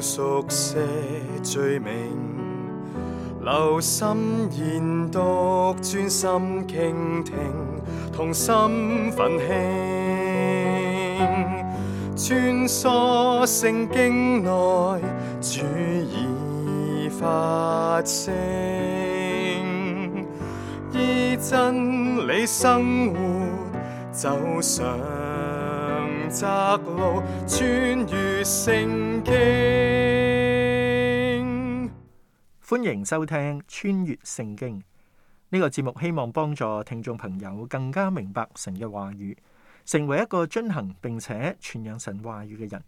熟悉罪名，留心研讀，專心傾聽，同心奮興，穿梭聖經內，主已發聲，以真理生活，走上。歡迎收聽《穿越聖經》呢個節目，希望幫助聽眾朋友更加明白神嘅話語，成為一個遵行，並且傳揚神話語嘅人。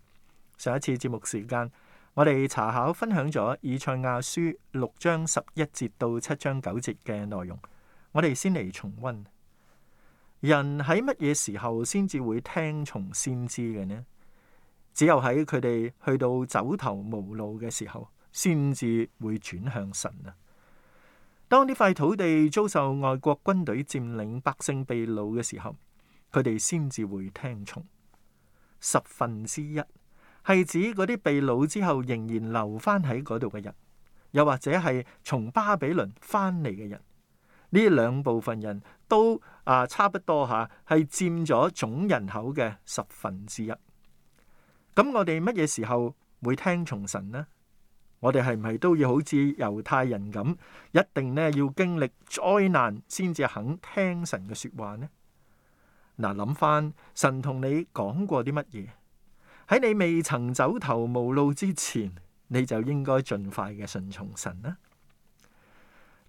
上一次節目時間，我哋查考、分享咗以賽亞書六章十一節到七章九節嘅內容，我哋先嚟重溫。人喺乜嘢時候先至會聽從先知嘅呢？只有喺佢哋去到走投無路嘅時候，先至會轉向神啊！當呢塊土地遭受外國軍隊佔領，百姓被擄嘅時候，佢哋先至會聽從。十分之一係指嗰啲被擄之後仍然留翻喺嗰度嘅人，又或者係從巴比倫翻嚟嘅人。呢兩部分人都啊差不多吓，係佔咗總人口嘅十分之一。咁我哋乜嘢時候會聽從神呢？我哋係唔係都要好似猶太人咁，一定呢要經歷災難先至肯聽神嘅說話呢？嗱，諗翻神同你講過啲乜嘢？喺你未曾走投無路之前，你就應該盡快嘅順從神呢。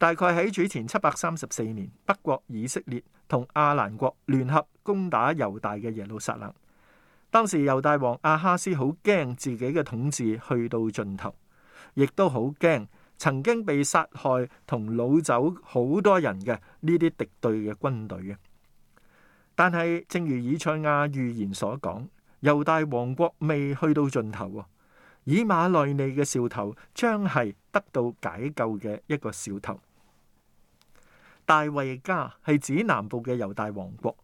大概喺主前七百三十四年，北國以色列同阿蘭國聯合攻打猶大嘅耶路撒冷。當時猶大王阿哈斯好驚自己嘅統治去到盡頭，亦都好驚曾經被殺害同擄走好多人嘅呢啲敵對嘅軍隊嘅。但係正如以賽亞預言所講，猶大王國未去到盡頭。以馬內利嘅兆頭將係得到解救嘅一個兆頭。大衛家係指南部嘅猶大王國，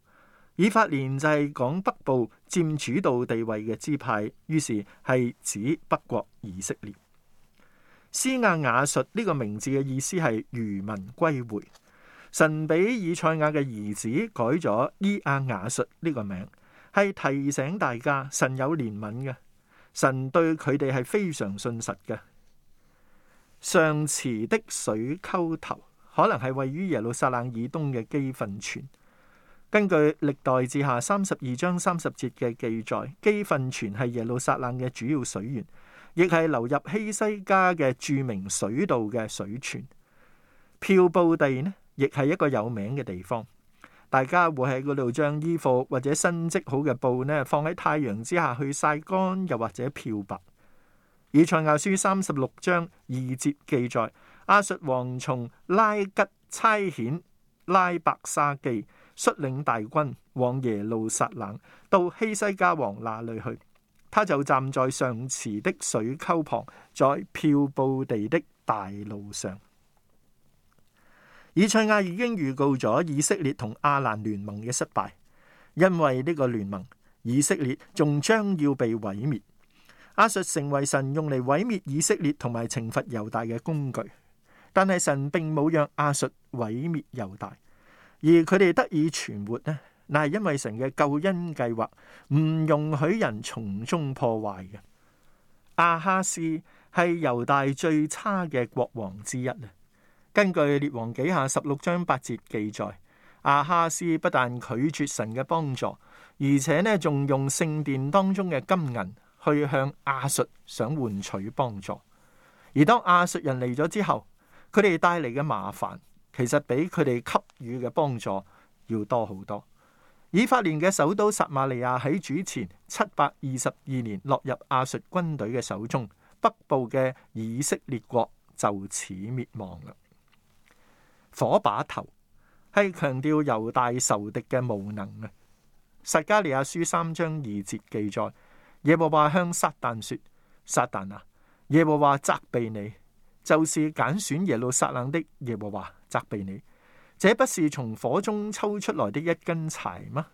以法蓮就係講北部佔主導地位嘅支派，於是係指北國以色列。施亞雅述呢個名字嘅意思係餘民歸回，神俾以賽亞嘅兒子改咗施亞雅述呢個名，係提醒大家神有憐憫嘅，神對佢哋係非常信實嘅。上池的水溝頭。可能係位於耶路撒冷以東嘅基訓泉。根據歷代志下三十二章三十節嘅記載，基訓泉係耶路撒冷嘅主要水源，亦係流入希西家嘅著名水道嘅水泉。漂布地呢，亦係一個有名嘅地方。大家會喺嗰度將衣服或者新織好嘅布呢放喺太陽之下去曬乾，又或者漂白。以賽亞書三十六章二節記載。亞述王從拉吉差遣拉伯沙基率領大軍往耶路撒冷到希西家王那裏去。他就站在上池的水溝旁，在漂布地的大路上。以賽亞已經預告咗以色列同亞蘭聯盟嘅失敗，因為呢個聯盟，以色列仲將要被毀滅。亞述成為神用嚟毀滅以色列同埋懲罰猶大嘅工具。但係神並冇讓亞述毀滅猶大，而佢哋得以存活咧，嗱，係因為神嘅救恩計劃唔容許人從中破壞嘅。亞哈斯係猶大最差嘅國王之一啦。根據《列王紀下》十六章八節記載，亞哈斯不但拒絕神嘅幫助，而且咧，仲用聖殿當中嘅金銀去向亞述想換取幫助。而當亞述人嚟咗之後，佢哋帶嚟嘅麻煩，其實比佢哋給予嘅幫助要多好多。以法蓮嘅首都撒馬利亞喺主前七百二十二年落入亞述軍隊嘅手中，北部嘅以色列國就此滅亡啦。火把頭係強調猶大仇敵嘅無能啊！撒迦利亞書三章二節記載：耶和華向撒旦說：撒旦啊，耶和華責備你。就是揀選耶路撒冷的耶和華責備你，這不是從火中抽出來的一根柴嗎？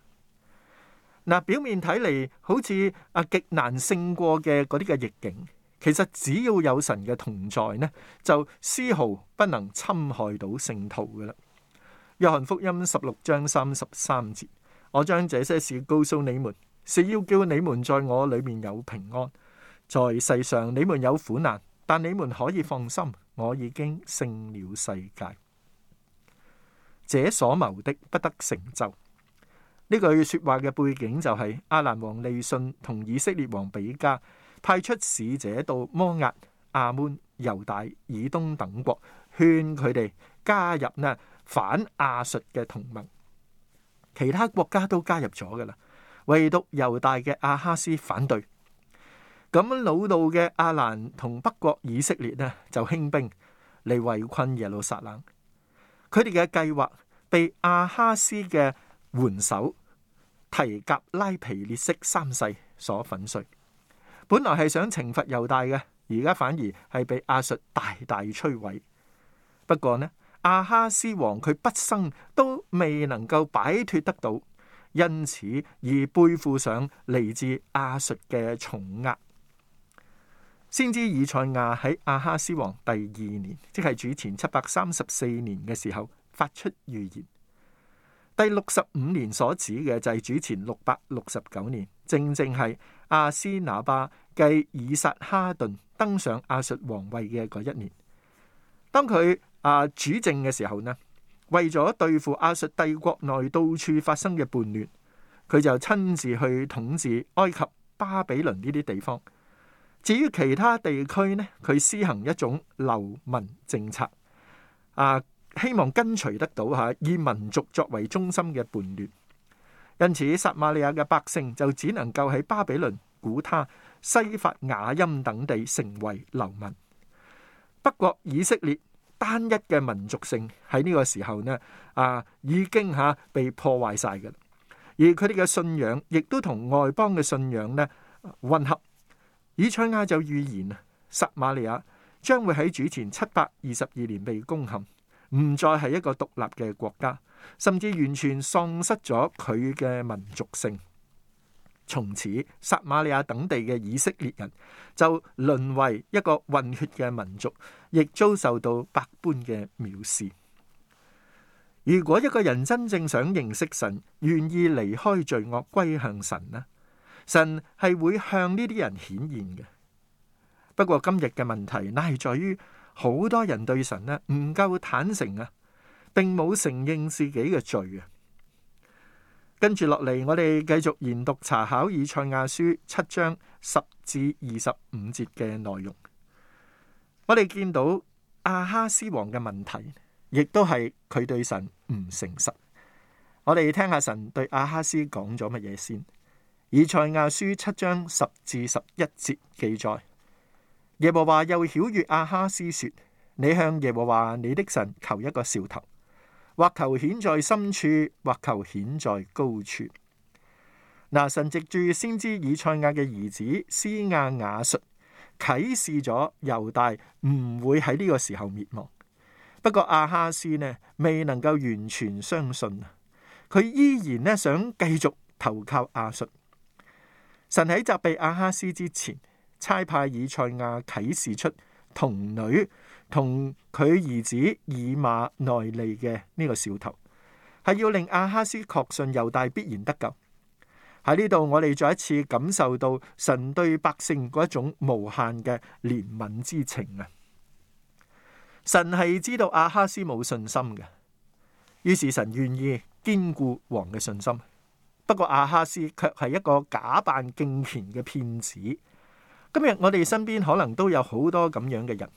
嗱，表面睇嚟好似啊極難勝過嘅嗰啲嘅逆境，其實只要有神嘅同在呢，就絲毫不能侵害到聖徒㗎喇。約翰福音十六章三十三節，我將這些事告訴你們，是要叫你們在我裏面有平安，在世上你們有苦難。但你們可以放心，我已經勝了世界。這所謀的不得成就。呢句説話嘅背景就係、是、亞蘭王利汛同以色列王比加派出使者到摩押、亞捫、猶大、以東等國，勸佢哋加入呢反亞述嘅同盟。其他國家都加入咗噶啦，唯獨猶大嘅亞哈斯反對。咁老道嘅阿蘭同北國以色列呢，就興兵嚟圍困耶路撒冷，佢哋嘅計劃被亞哈斯嘅援手提格拉皮列色三世所粉碎。本來係想懲罰猶大嘅，而家反而係被亞述大大摧毀。不過呢，亞哈斯王佢畢生都未能夠擺脫得到，因此而背負上嚟自亞述嘅重壓。先知以賽亞喺亞哈斯王第二年，即係主前七百三十四年嘅時候，發出預言。第六十五年所指嘅就係主前六百六十九年，正正係亞斯那巴繼以撒哈頓登上亞述王位嘅嗰一年。當佢啊主政嘅時候呢，為咗對付亞述帝國內到處發生嘅叛亂，佢就親自去統治埃及、巴比倫呢啲地方。至於其他地區呢，佢施行一種流民政策，啊，希望跟隨得到吓、啊，以民族作為中心嘅叛亂。因此，撒馬利亞嘅百姓就只能夠喺巴比倫、古他、西法雅音等地成為流民。不過，以色列單一嘅民族性喺呢個時候呢，啊，已經吓、啊、被破壞晒㗎，而佢哋嘅信仰亦都同外邦嘅信仰呢混合。以賽亞就預言啊，撒瑪利亞將會喺主前七百二十二年被攻陷，唔再係一個獨立嘅國家，甚至完全喪失咗佢嘅民族性。從此，撒瑪利亞等地嘅以色列人就淪為一個混血嘅民族，亦遭受到百般嘅藐視。如果一個人真正想認識神，願意離開罪惡，歸向神呢？神係會向呢啲人顯現嘅，不過今日嘅問題乃係在於好多人對神呢唔夠坦誠啊，並冇承認自己嘅罪啊。跟住落嚟，我哋繼續研讀查考以賽亞書七章十至二十五節嘅內容。我哋見到亞哈斯王嘅問題，亦都係佢對神唔誠實。我哋聽下神對亞哈斯講咗乜嘢先。以賽亞書七章十至十一節記載，耶和華又曉諭阿哈斯說：你向耶和華你的神求一個兆頭，或求顯在深處，或求顯在高處。嗱，神藉住先知以賽亞嘅兒子施亞雅述，啟示咗猶大唔會喺呢個時候滅亡。不過阿哈斯呢，未能夠完全相信，佢依然呢，想繼續投靠亞述。神喺責備阿哈斯之前，差派以賽亞啟示出童女同佢兒子以馬內利嘅呢個兆頭，係要令阿哈斯確信猶大必然得救。喺呢度，我哋再一次感受到神對百姓嗰一種無限嘅憐憫之情啊！神係知道阿哈斯冇信心嘅，於是神願意堅固王嘅信心。不過阿哈斯卻係一個假扮敬虔嘅騙子。今日我哋身邊可能都有好多咁樣嘅人，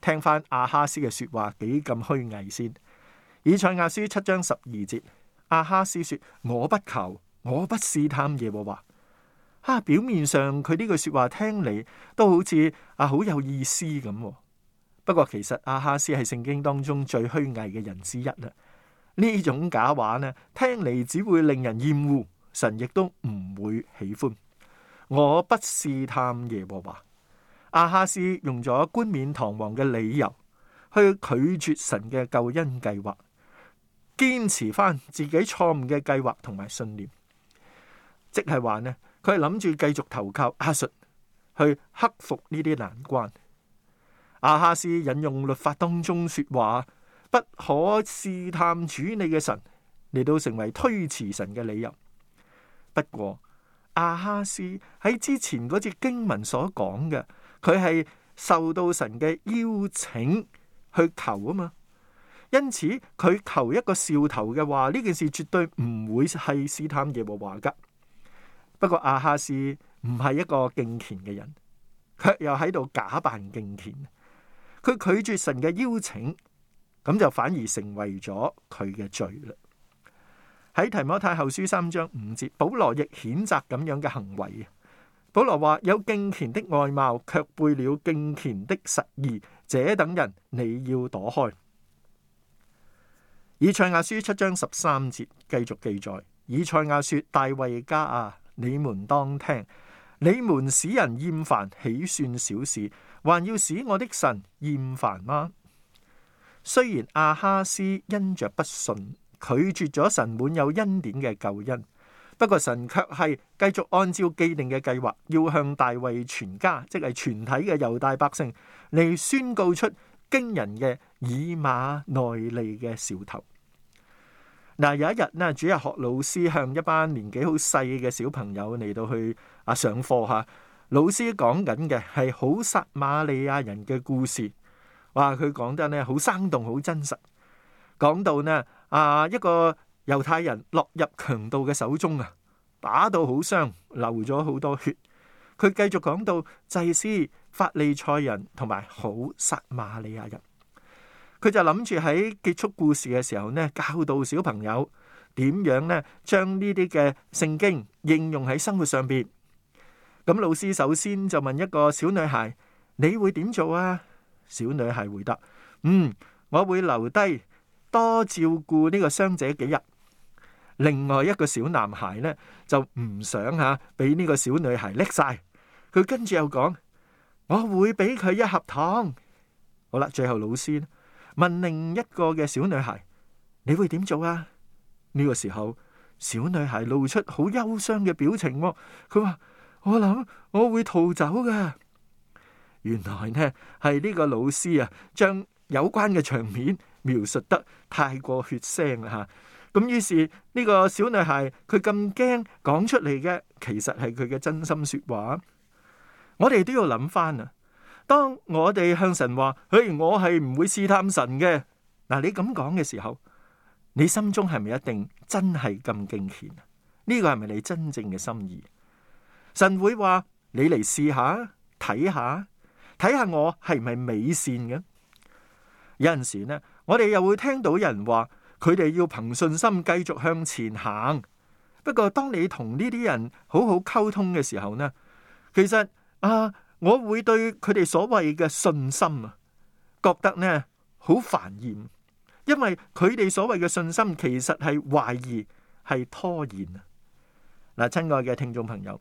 聽翻阿哈斯嘅說話幾咁虛偽先。以賽亞書七章十二節，阿哈斯說：我不求，我不試探耶和華。啊，表面上佢呢句說話聽嚟都好似啊好有意思咁。不過其實阿哈斯係聖經當中最虛偽嘅人之一啦。呢種假話呢，聽嚟只會令人厭惡，神亦都唔會喜歡。我不試探耶和華。亞哈斯用咗冠冕堂皇嘅理由去拒絕神嘅救恩計劃，堅持翻自己錯誤嘅計劃同埋信念，即係話呢，佢諗住繼續投靠亞述去克服呢啲難關。亞哈斯引用律法當中說話。不可試探主你嘅神，嚟到成為推辭神嘅理由。不過亞哈斯喺之前嗰節經文所講嘅，佢係受到神嘅邀請去求啊嘛，因此佢求一個兆頭嘅話，呢件事絕對唔會係試探耶和華噶。不過亞哈斯唔係一個敬虔嘅人，卻又喺度假扮敬虔，佢拒絕神嘅邀請。咁就反而成為咗佢嘅罪啦。喺提摩太後書三章五節，保羅亦譴責咁樣嘅行為啊！保羅話：有敬虔的外貌，卻背了敬虔的實義，這等人你要躲開。以賽亞書七章十三節繼續記載：以賽亞說：大衛家啊，你們當聽，你們使人厭煩，豈算小事？還要使我的神厭煩嗎？雖然亞哈斯因着不信拒絕咗神滿有恩典嘅救恩，不過神卻係繼續按照既定嘅計劃，要向大衛全家，即係全體嘅猶大百姓嚟，宣告出驚人嘅以馬內利嘅兆頭。嗱、嗯，有一日呢，主日學老師向一班年紀好細嘅小朋友嚟到去啊上課吓、啊，老師講緊嘅係好撒瑪利亞人嘅故事。哇！佢講得咧，好生動，好真實。講到咧啊，一個猶太人落入強盜嘅手中啊，打到好傷，流咗好多血。佢繼續講到祭司法利賽人同埋好撒瑪利亞人，佢就諗住喺結束故事嘅時候咧，教導小朋友點樣咧將呢啲嘅聖經應用喺生活上邊。咁老師首先就問一個小女孩：你會點做啊？小女孩回答：嗯，我會留低多照顧呢個傷者幾日。另外一個小男孩呢，就唔想吓俾呢個小女孩拎晒，佢跟住又講：我會俾佢一盒糖。好啦，最後老師問另一個嘅小女孩：你會點做啊？呢個時候，小女孩露出好憂傷嘅表情啊，佢話：我諗我會逃走噶。原來呢係呢個老師啊，將有關嘅場面描述得太過血腥啦吓。咁、啊、於是呢個小女孩佢咁驚講出嚟嘅，其實係佢嘅真心說話。我哋都要諗翻啊！當我哋向神話，嘿，我係唔會試探神嘅。嗱、啊，你咁講嘅時候，你心中係咪一定真係咁敬虔？呢個係咪你真正嘅心意？神會話你嚟試下睇下。看看睇下我係唔係美善嘅？有陣時呢，我哋又會聽到人話佢哋要憑信心繼續向前行。不過當你同呢啲人好好溝通嘅時候呢，其實啊，我會對佢哋所謂嘅信心啊，覺得呢好煩厭，因為佢哋所謂嘅信心其實係懷疑，係拖延啊。嗱，親愛嘅聽眾朋友，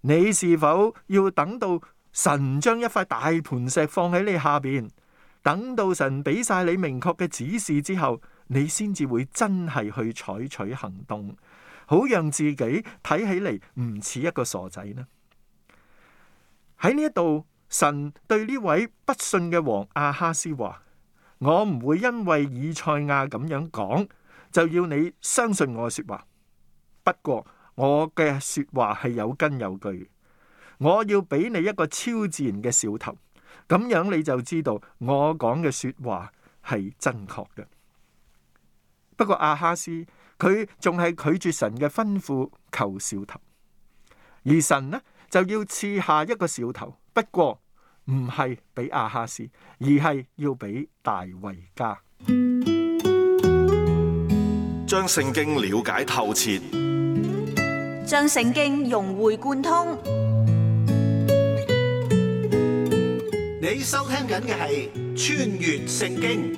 你是否要等到，神將一塊大盤石放喺你下邊，等到神俾晒你明確嘅指示之後，你先至會真係去採取行動，好讓自己睇起嚟唔似一個傻仔呢？喺呢一度，神對呢位不信嘅王亞哈斯話：我唔會因為以賽亞咁樣講，就要你相信我說話。不過我嘅說話係有根有據。我要俾你一個超自然嘅兆頭，咁樣你就知道我講嘅說話係正確嘅。不過亞哈斯佢仲係拒絕神嘅吩咐，求兆頭。而神呢就要賜下一個兆頭，不過唔係俾亞哈斯，而係要俾大衛家。將聖經了解透徹，將聖經融會貫通。你收聽緊嘅係《穿越聖經》。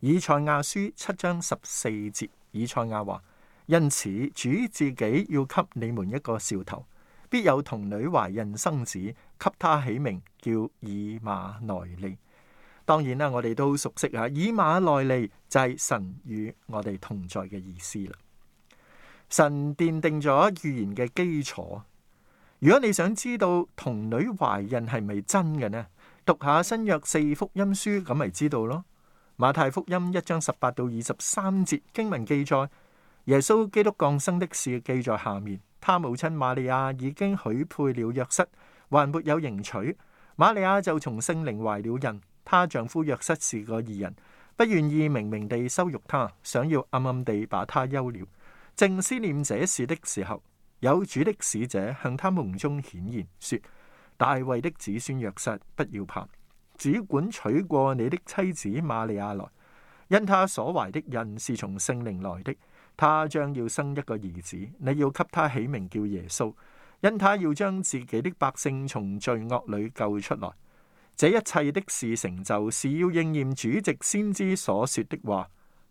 以賽亞書七章十四節，以賽亞話：因此主自己要給你們一個兆頭，必有童女懷孕生子，給她起名叫以馬內利。當然啦，我哋都熟悉啊，以馬內利就係神與我哋同在嘅意思啦。神奠定咗預言嘅基礎。如果你想知道童女懷孕係咪真嘅呢？讀下新約四福音書咁咪知道咯。馬太福音一章十八到二十三節經文記載，耶穌基督降生的事記在下面。他母親瑪利亞已經許配了約瑟，還沒有迎娶，瑪利亞就從聖靈懷了孕。她丈夫約瑟是個義人，不願意明明地羞辱她，想要暗暗地把她休了。正思念這事的時候，有主的使者向他夢中顯現，說：大衛的子孫約瑟，不要怕，只管娶過你的妻子瑪利亞來，因她所懷的孕是從聖靈來的。他將要生一個兒子，你要給他起名叫耶穌，因他要將自己的百姓從罪惡裏救出來。這一切的事成就，是要應驗主藉先知所說的話，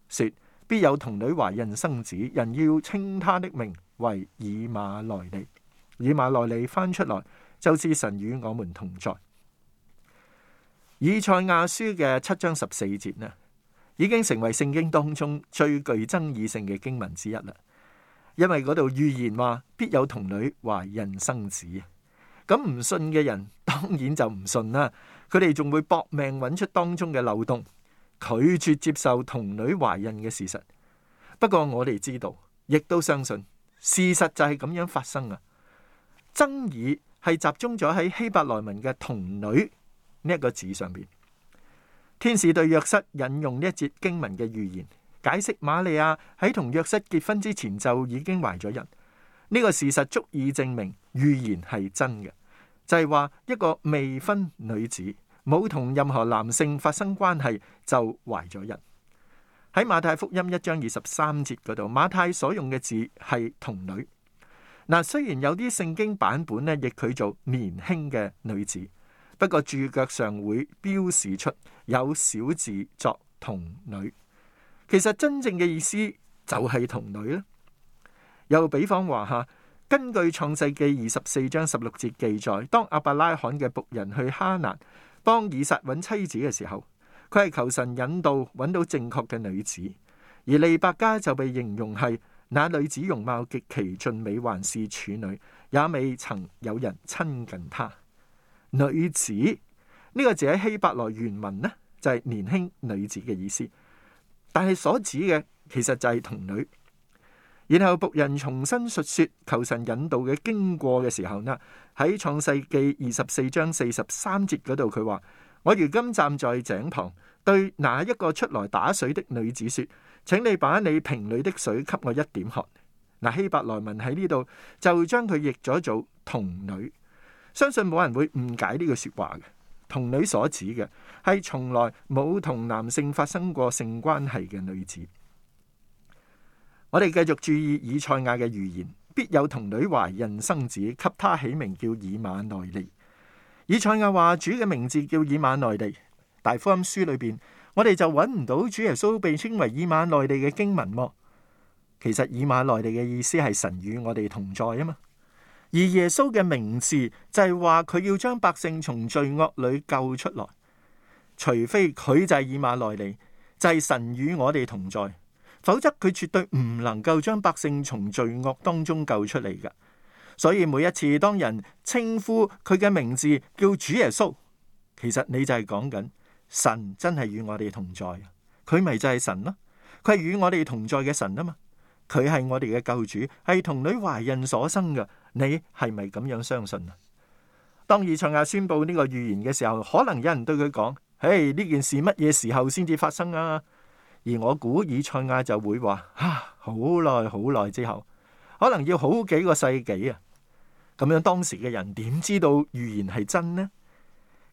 說。必有童女懷孕生子，人要稱他的名為以馬內利。以馬內利翻出來，就是神與我們同在。以賽亞書嘅七章十四節呢，已經成為聖經當中最具爭議性嘅經文之一啦。因為嗰度預言話必有童女懷孕生子，咁唔信嘅人當然就唔信啦，佢哋仲會搏命揾出當中嘅漏洞。拒絕接受童女懷孕嘅事實，不過我哋知道，亦都相信事實就係咁樣發生啊。爭議係集中咗喺希伯來文嘅“童女”呢、這、一個字上邊。天使對約瑟引用呢一節經文嘅預言，解釋瑪利亞喺同約瑟結婚之前就已經懷咗孕。呢、這個事實足以證明預言係真嘅，就係、是、話一個未婚女子。冇同任何男性發生關係就懷咗人。喺馬太福音一章二十三節嗰度，馬太所用嘅字係童女嗱。雖然有啲聖經版本咧，譯佢做年輕嘅女子，不過注腳上會標示出有小字作童女。其實真正嘅意思就係童女啦。又比方話嚇，根據創世記二十四章十六節記載，當亞伯拉罕嘅僕人去哈蘭。當以撒揾妻子嘅時候，佢係求神引導揾到正確嘅女子，而利百加就被形容係那女子容貌極其，其俊美，還是處女，也未曾有人親近她。女子呢、這個字喺希伯來原文呢就係、是、年輕女子嘅意思，但係所指嘅其實就係童女。然後僕人重新述說求神引導嘅經過嘅時候呢，喺創世記二十四章四十三節嗰度，佢話：我如今站在井旁，對那一個出來打水的女子說：請你把你瓶裏的水給我一點喝。嗱，希伯來文喺呢度就將佢譯咗做童女，相信冇人會誤解呢句說話嘅。童女所指嘅係從來冇同男性發生過性關係嘅女子。我哋繼續注意以賽亞嘅預言，必有童女懷孕生子，給他起名叫以馬內利。以賽亞話：主嘅名字叫以馬內利。大福音書裏邊，我哋就揾唔到主耶穌被稱為以馬內利嘅經文。其實以馬內利嘅意思係神與我哋同在啊嘛。而耶穌嘅名字就係話佢要將百姓從罪惡裏救出來，除非佢就係以馬內利，就係神與我哋同在。否則佢絕對唔能夠將百姓從罪惡當中救出嚟噶。所以每一次當人稱呼佢嘅名字叫主耶穌，其實你就係講緊神真係與我哋同在。佢咪就係神咯？佢係與我哋同在嘅神啊嘛。佢係我哋嘅救主，係童女懷孕所生噶。你係咪咁樣相信啊？當以賽亞宣布呢個預言嘅時候，可能有人對佢講：誒，呢件事乜嘢時候先至發生啊？而我估以賽亞就會話，啊，好耐好耐之後，可能要好幾個世紀啊。咁樣當時嘅人點知道預言係真呢？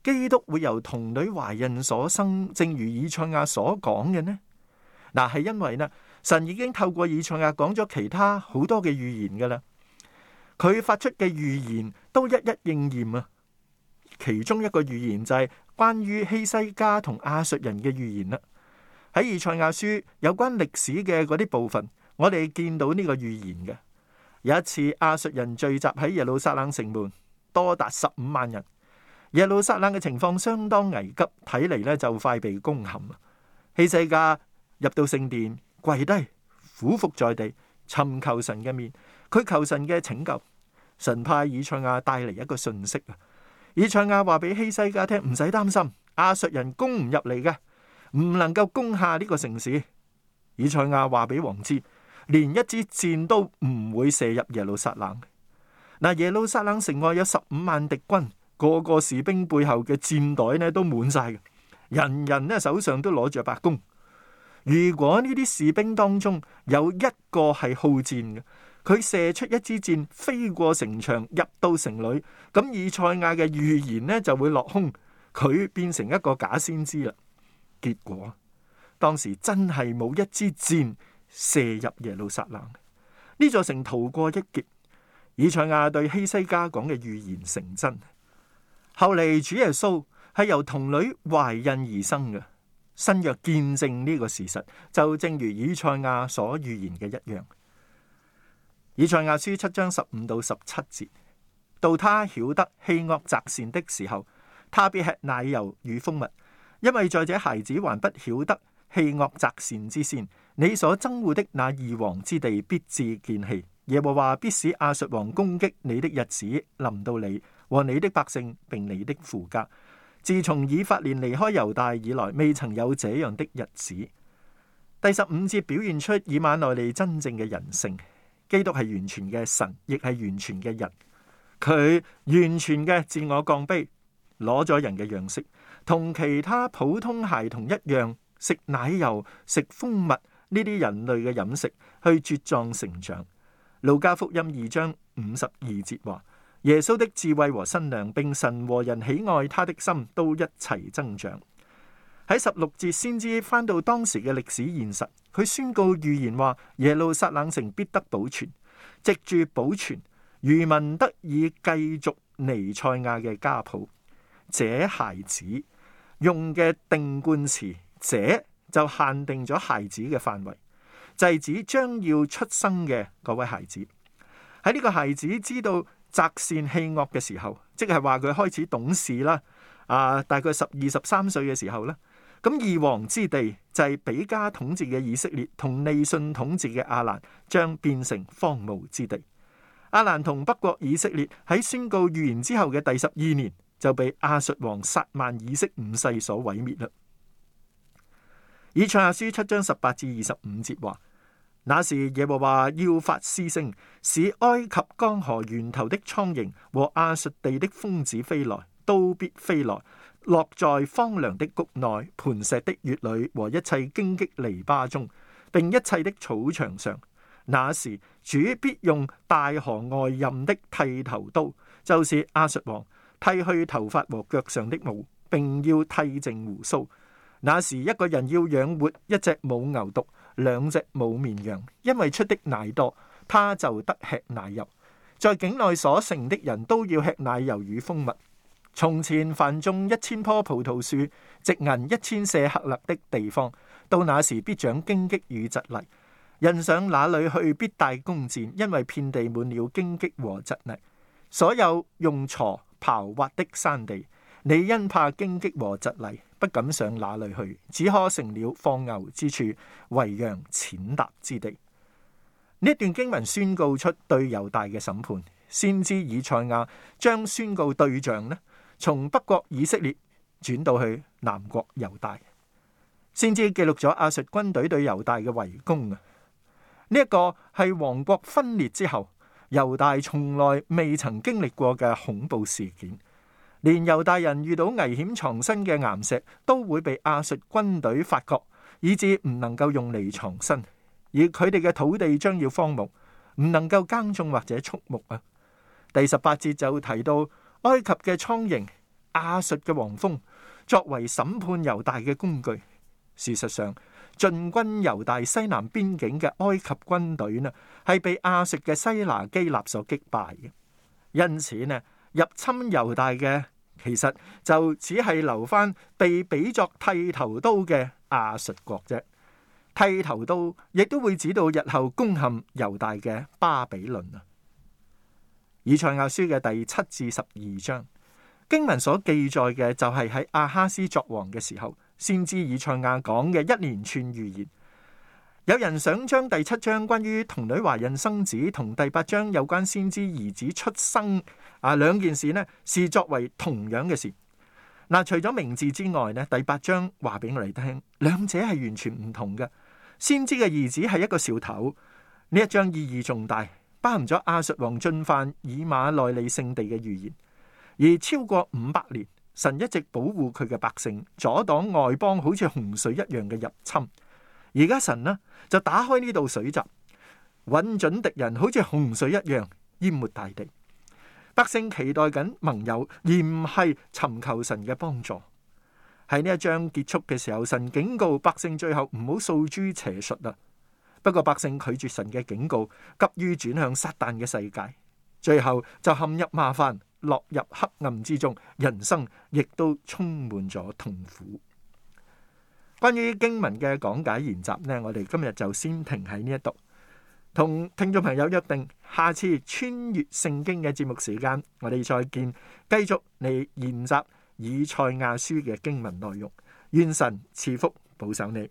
基督會由童女懷孕所生，正如以賽亞所講嘅呢？嗱、啊，係因為呢，神已經透過以賽亞講咗其他好多嘅預言噶啦。佢發出嘅預言都一一應驗啊。其中一個預言就係關於希西家同亞述人嘅預言啦、啊。喺以賽亞書有關歷史嘅嗰啲部分，我哋見到呢個預言嘅。有一次，亞述人聚集喺耶路撒冷城門，多達十五萬人。耶路撒冷嘅情況相當危急，睇嚟咧就快被攻陷。希西家入到聖殿，跪低俯伏在地，尋求神嘅面。佢求神嘅拯救，神派以賽亞帶嚟一個訊息啊。以賽亞話俾希西家聽，唔使擔心，亞述人攻唔入嚟嘅。唔能夠攻下呢個城市，以賽亞話俾王知，連一支箭都唔會射入耶路撒冷。嗱，耶路撒冷城外有十五萬敵軍，個個士兵背後嘅箭袋呢都滿晒嘅，人人呢手上都攞住把弓。如果呢啲士兵當中有一個係好箭嘅，佢射出一支箭飛過城牆入到城裏，咁以賽亞嘅預言呢就會落空，佢變成一個假先知啦。結果當時真係冇一支箭射入耶路撒冷，呢座城逃過一劫。以賽亞對希西家講嘅預言成真。後嚟主耶穌係由童女懷孕而生嘅，新約見證呢個事實，就正如以賽亞所預言嘅一樣。以賽亞書七章十五到十七節，到他曉得棄惡擇善的時候，他必吃奶油與蜂蜜。因為在這孩子還不曉得棄惡擇善之先，你所憎惡的那二王之地必致見棄。耶和華必使亞述王攻擊你的日子臨到你和你的百姓，並你的父家。自從以法蓮離開猶大以來，未曾有這樣的日子。第十五節表現出以馬內利真正嘅人性。基督係完全嘅神，亦係完全嘅人。佢完全嘅自我降卑，攞咗人嘅樣式。同其他普通孩童一樣，食奶油、食蜂蜜呢啲人類嘅飲食，去茁壯成長。路加福音二章五十二節話：耶穌的智慧和身量並神和人喜愛他的心，都一齊增長。喺十六節先知翻到當時嘅歷史現實，佢宣告預言話：耶路撒冷城必得保存，藉住保存，餘民得以繼續尼賽亞嘅家譜。這孩子。用嘅定冠詞者就限定咗孩子嘅範圍，就係、是、指將要出生嘅嗰位孩子。喺呢個孩子知道擇善棄惡嘅時候，即係話佢開始懂事啦。啊、呃，大概十二十三歲嘅時候呢，咁二王之地就係比加統治嘅以色列同利汛統治嘅亞蘭，將變成荒蕪之地。亞蘭同北國以色列喺宣告預言之後嘅第十二年。就被亞述王撒縵以色五世所毀滅啦。以賽亞書七章十八至二十五節話：，那時耶和華要發嘶聲，使埃及江河源頭的蒼蠅和亞述地的蜂子飛來，都必飛來，落在荒涼的谷內、磐石的穴裡和一切荊棘籬笆中，並一切的草場上。那時主必用大河外任的剃頭刀，就是亞述王。剃去頭髮和腳上的毛，並要剃淨鬍鬚。那時一個人要養活一隻母牛犢、兩隻母綿羊，因為出的奶多，他就得吃奶油。在境內所剩的人都要吃奶油與蜂蜜。從前凡種一千棵葡萄樹、植銀一千舍克勒的地方，到那時必長荊棘與蒺藜。人上哪裡去必帶弓箭，因為遍地滿了荊棘和蒺藜。所有用鋤。刨挖的山地，你因怕荊棘和蒺藜，不敢上哪裏去，只可成了放牛之處，為羊踐踏之地。呢段經文宣告出對猶大嘅審判。先知以賽亞將宣告對象呢，從北國以色列轉到去南國猶大，先知記錄咗亞述軍隊對猶大嘅圍攻啊！呢、這、一個係王國分裂之後。猶大從來未曾經歷過嘅恐怖事件，連猶大人遇到危險藏身嘅岩石都會被亞述軍隊發覺，以至唔能夠用嚟藏身，而佢哋嘅土地將要荒蕪，唔能夠耕種或者畜牧啊。第十八節就提到埃及嘅蒼蠅、亞述嘅黃蜂作為審判猶大嘅工具，事實上。進軍猶大西南邊境嘅埃及軍隊呢，係被亞述嘅西拿基立所擊敗嘅。因此呢，入侵猶大嘅其實就只係留翻被比作剃頭刀嘅亞述國啫。剃頭刀亦都會指到日後攻陷猶大嘅巴比倫啊。以賽亞書嘅第七至十二章經文所記載嘅就係喺亞哈斯作王嘅時候。先知以賽亞講嘅一連串預言，有人想將第七章關於童女懷孕生子同第八章有關先知兒子出生啊兩件事呢，是作為同樣嘅事。嗱，除咗名字之外呢，第八章話俾我哋聽，兩者係完全唔同嘅。先知嘅兒子係一個兆頭，呢一章意義重大，包含咗亞述王進犯以馬內利聖地嘅預言，而超過五百年。神一直保護佢嘅百姓，阻擋外邦好似洪水一樣嘅入侵。而家神呢就打開呢道水閘，揾準敵人好似洪水一樣淹沒大地。百姓期待緊盟友，而唔係尋求神嘅幫助。喺呢一章結束嘅時候，神警告百姓最後唔好訴諸邪術啦。不過百姓拒絕神嘅警告，急於轉向撒但嘅世界，最後就陷入麻煩。落入黑暗之中，人生亦都充滿咗痛苦。關於經文嘅講解研習呢，我哋今日就先停喺呢一度，同聽眾朋友約定下次穿越聖經嘅節目時間，我哋再見，繼續嚟研習以賽亞書嘅經文內容。願神賜福保守你。